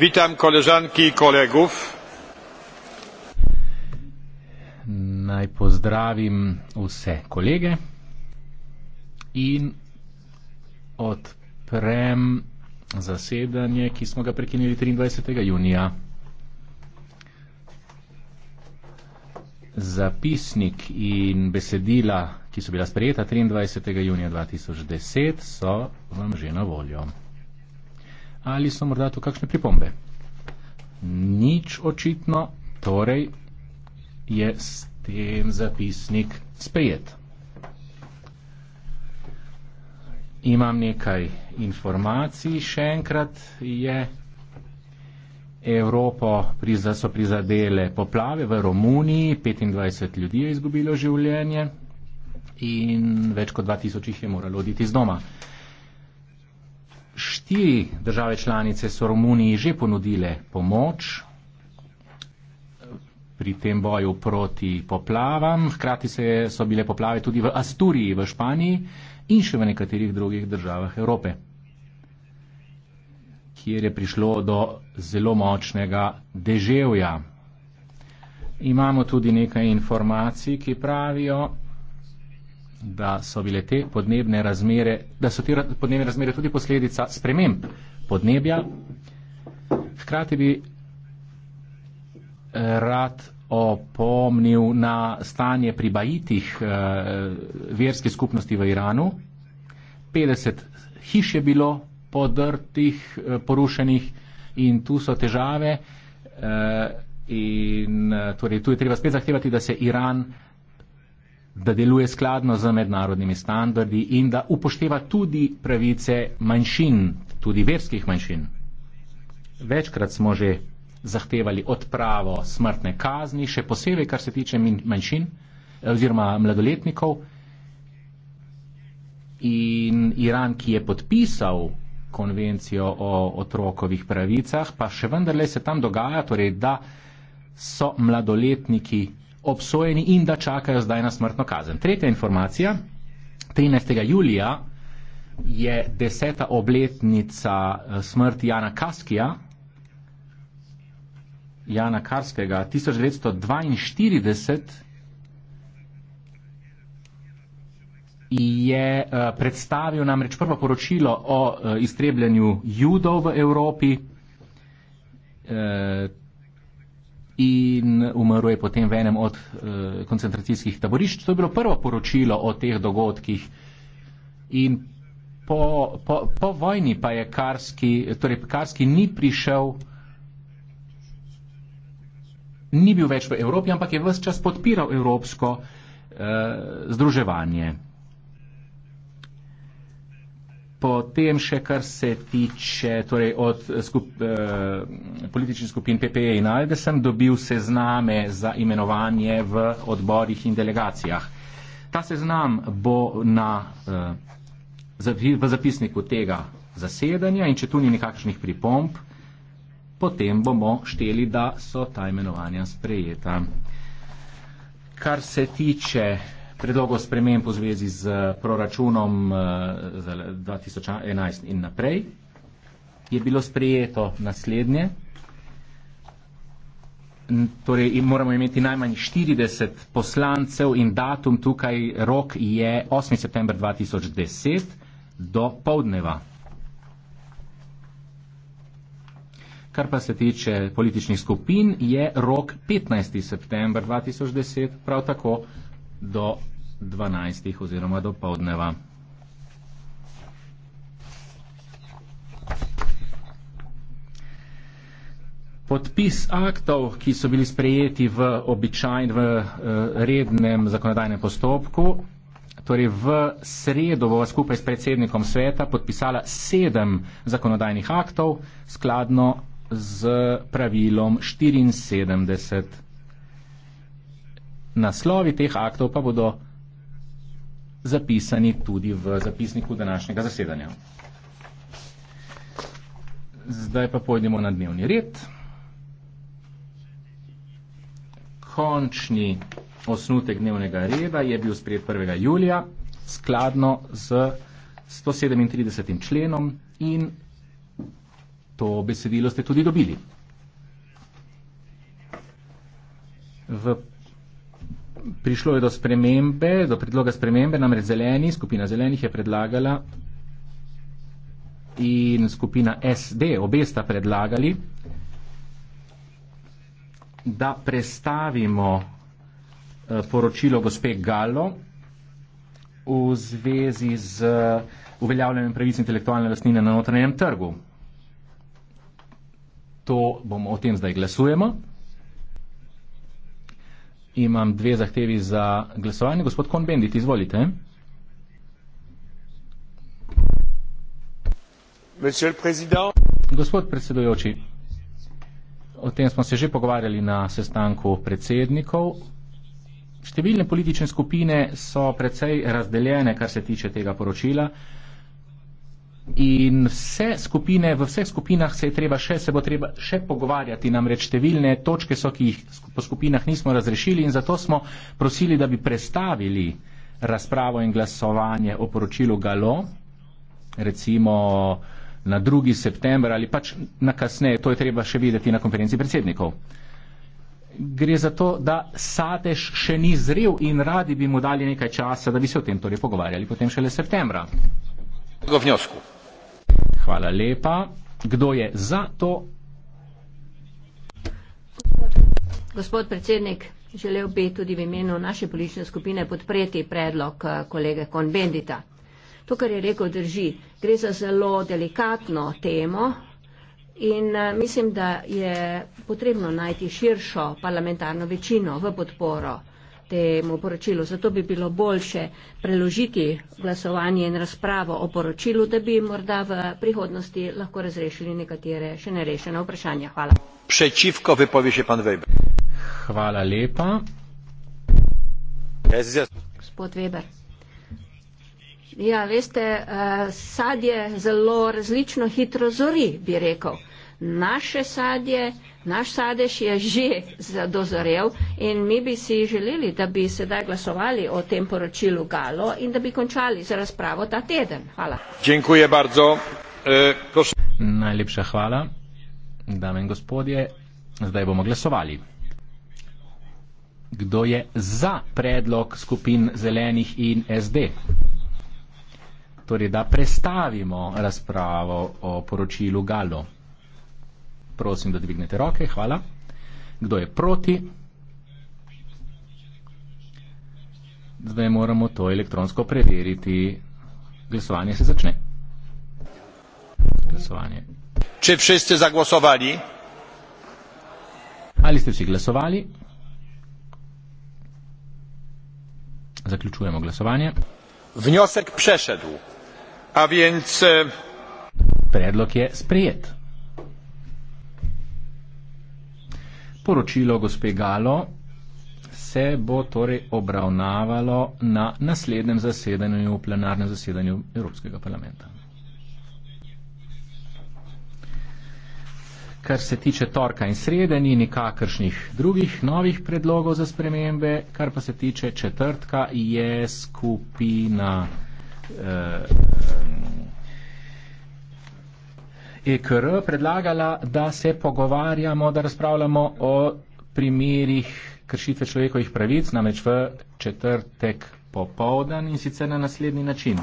Witam koleżanki i kolegów. Naj pozdravim vse kolege in odprem zasedanje, ki smo ga prekinili 23. junija. Zapisnik in besedila, ki so bila sprejeta 23. junija 2010, so vam že na voljo ali so morda tu kakšne pripombe? Nič očitno, torej je s tem zapisnik sprejet. Imam nekaj informacij, še enkrat je Evropo so prizadele poplave v Romuniji, 25 ljudi je izgubilo življenje in več kot 2000 jih je moralo oditi z doma. Štiri države članice so Romuniji že ponudile pomoč pri tem boju proti poplavam. Hkrati se so bile poplave tudi v Asturiji, v Španiji in še v nekaterih drugih državah Evrope, kjer je prišlo do zelo močnega deževja. Imamo tudi nekaj informacij, ki pravijo, da so bile te podnebne razmere, da so te podnebne razmere tudi posledica sprememb podnebja. Hkrati bi eh, rad opomnil na stanje pri bajitih e, eh, verske skupnosti v Iranu. 50 hiš je bilo podrtih, eh, porušenih in tu so težave. E, in torej, tu je treba spet zahtevati, da se Iran da deluje skladno z mednarodnimi standardi in da upošteva tudi pravice manjšin, tudi verskih manjšin. Večkrat smo že zahtevali odpravo smrtne kazni, še posebej, kar se tiče manjšin eh, oziroma mladoletnikov. In Iran, ki je podpisal konvencijo o otrokovih pravicah, pa še vendarle se tam dogaja, torej, da so mladoletniki obsojeni in da čakajo zdaj na smrtno kazen. Tretja informacija, 13. julija je deseta obletnica eh, smrti Jana Kaskija, Jana Karskega, 1942 je eh, predstavil namreč prvo poročilo o eh, iztrebljanju judov v Evropi, in umrl je potem v enem od e, koncentracijskih taborišč. To je bilo prvo poročilo o teh dogodkih. In po, po, po vojni pa je Karski, torej Karski ni prišel, ni bil več v Evropi, ampak je vse čas podpiral evropsko e, združevanje. Potem še kar se tiče torej od skup, eh, političnih skupin PPE in ALDE sem dobil sezname za imenovanje v odborih in delegacijah. Ta seznam bo na, eh, v zapisniku tega zasedanja in če tu ni nekakšnih pripomp, potem bomo šteli, da so ta imenovanja sprejeta. Kar se tiče predlogov sprememb v zvezi z eh, proračunom eh, za 2011 in naprej, je bilo sprejeto naslednje. Torej, moramo imeti najmanj 40 poslancev in datum tukaj, rok je 8. september 2010 do povdneva. Kar pa se tiče političnih skupin, je rok 15. september 2010 prav tako do 12. oziroma do povdneva. Podpis aktov, ki so bili sprejeti v običajnem, v eh, rednem zakonodajnem postopku, torej v sredo bova skupaj s predsednikom sveta podpisala sedem zakonodajnih aktov skladno z pravilom 74. Naslovi teh aktov pa bodo zapisani tudi v zapisniku današnjega zasedanja. Zdaj pa pojdemo na dnevni red. Končni osnutek dnevnega reda je bil sprejet 1. julija skladno z 137. členom in to besedilo ste tudi dobili. V prišlo je do spremembe, do predloga spremembe, namreč zeleni, skupina zelenih je predlagala in skupina SD, obe sta predlagali, da prestavimo eh, poročilo gospe Gallo v zvezi z eh, uveljavljanjem pravic intelektualne lastnine na notranjem trgu. To bomo o tem zdaj glasujemo imam dve zahtevi za glasovanje. Gospod Konbendit, izvolite. Gospod predsedujoči, o tem smo se že pogovarjali na sestanku predsednikov. Številne politične skupine so precej razdeljene, kar se tiče tega poročila. In vse skupine, v vseh skupinah se je treba še, se bo treba še pogovarjati, namreč številne točke so, ki jih po skupinah nismo razrešili in zato smo prosili, da bi prestavili razpravo in glasovanje o poročilu Galo, recimo na 2. september ali pač na kasneje, to je treba še videti na konferenci predsednikov. Gre za to, da sadež še ni zrel in radi bi mu dali nekaj časa, da bi se o tem torej pogovarjali potem šele septembra. Hvala lepa. Kdo je za to? Gospod predsednik, želel bi tudi v imenu naše politične skupine podpreti predlog eh, kolege Konbendita. To, kar je rekel, drži. Gre za zelo delikatno temo in eh, mislim, da je potrebno najti širšo parlamentarno večino v podporo temu poročilu. Zato bi bilo boljše preložiti glasovanje in razpravo o poročilu, da bi morda v prihodnosti lahko razrešili nekatere še nerešene vprašanja. Hvala. Prečivko vypovi že pan Weber. Hvala lepa. Gospod Weber. Ja, veste, eh, sadje zelo različno hitro zori, bi rekel naše sadje, naš sadež je že dozorel in mi bi si želeli, da bi sedaj glasovali o tem poročilu Galo in da bi končali z razpravo ta teden. Hvala. Dziękuję bardzo. E, proszę... Najlepša hvala, dame in gospodje. Zdaj bomo glasovali. Kdo je za predlog skupin zelenih in SD? Torej, da prestavimo razpravo o poročilu Galo. Prosim, da dvignete roke. Hvala. Kdo je proti? Zdaj moramo to elektronsko preveriti. Glasovanje se začne. Glasovanje. Če vsi ste zagosovali? Ali ste vsi glasovali? Zaključujemo glasovanje. Vniosek prešedl. A więc... E, Predlog je sprijet. poročilo gospe Galo se bo torej obravnavalo na naslednjem zasedanju, plenarnem zasedanju Evropskega parlamenta. Kar se tiče torka in srede, ni nikakršnih drugih novih predlogov za spremembe, kar pa se tiče četrtka, je skupina. Eh, EKR predlagala, da se pogovarjamo, da razpravljamo o primerih kršitve človekovih pravic, namreč v četrtek popovdan in sicer na naslednji način.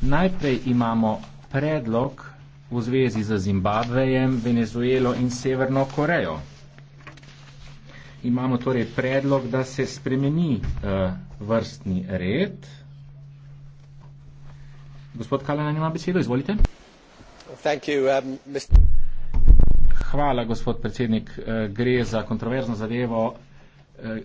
Najprej imamo predlog v zvezi z Zimbabvejem, Venezuelo in Severno Korejo. Imamo torej predlog, da se spremeni uh, vrstni red. Gospod Kalena, ima besedo, izvolite. Um, Hvala, gospod predsednik. Eh, gre za kontroverzno zadevo. Eh,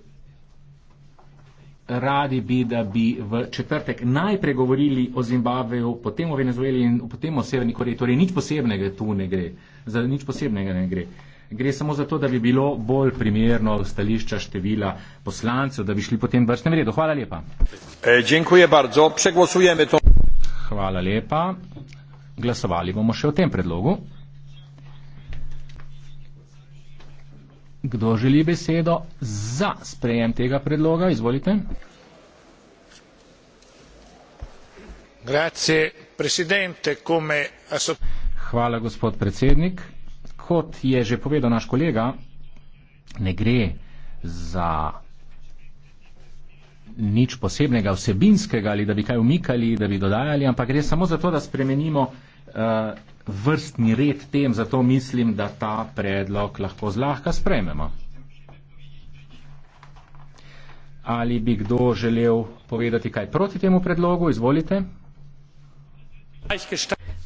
radi bi, da bi v četrtek najprej govorili o Zimbabveju, potem o Venezueli in potem o Severni Koreji. Torej nič posebnega tu ne gre. Za nič posebnega ne gre. Gre samo za to, da bi bilo bolj primerno stališča števila poslancev, da bi šli potem v vrstnem redu. Hvala lepa. E, Hvala lepa glasovali bomo še o tem predlogu. Kdo želi besedo za sprejem tega predloga? Izvolite. Hvala, gospod predsednik. Kot je že povedal naš kolega, ne gre za nič posebnega, vsebinskega ali da bi kaj umikali, da bi dodajali, ampak gre samo za to, da spremenimo uh, vrstni red tem, zato mislim, da ta predlog lahko zlahka sprejmemo. Ali bi kdo želel povedati kaj proti temu predlogu? Izvolite.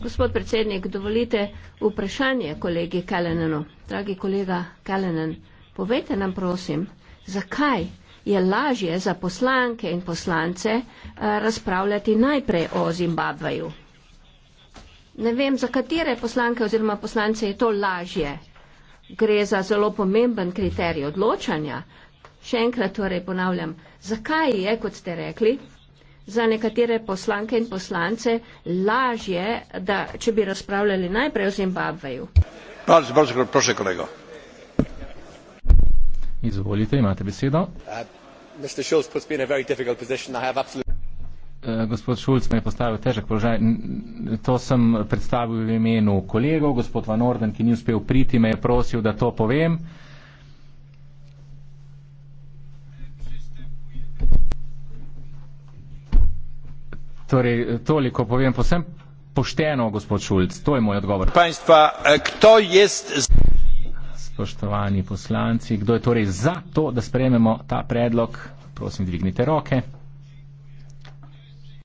Gospod predsednik, dovolite vprašanje kolegi Kalenenu. Dragi kolega Kalenen, povejte nam prosim, zakaj je lažje za poslanke in poslance eh, razpravljati najprej o Zimbabveju. Ne vem, za katere poslanke oziroma poslance je to lažje. Gre za zelo pomemben kriterij odločanja. Še enkrat torej ponavljam, zakaj je, kot ste rekli, za nekatere poslanke in poslance lažje, da če bi razpravljali najprej o Zimbabveju. Prosim, prosim, prosim, kolego. Izvolite, imate besedo. Uh, uh, gospod Šulc me je postavil težek položaj. To sem predstavil v imenu kolegov. Gospod Van Orden, ki ni uspel priti, me je prosil, da to povem. Torej, toliko povem posem pošteno, gospod Šulc. To je moj odgovor. Panjstva, e, kdo je z spoštovani poslanci, kdo je torej za to, da sprejmemo ta predlog, prosim, dvignite roke.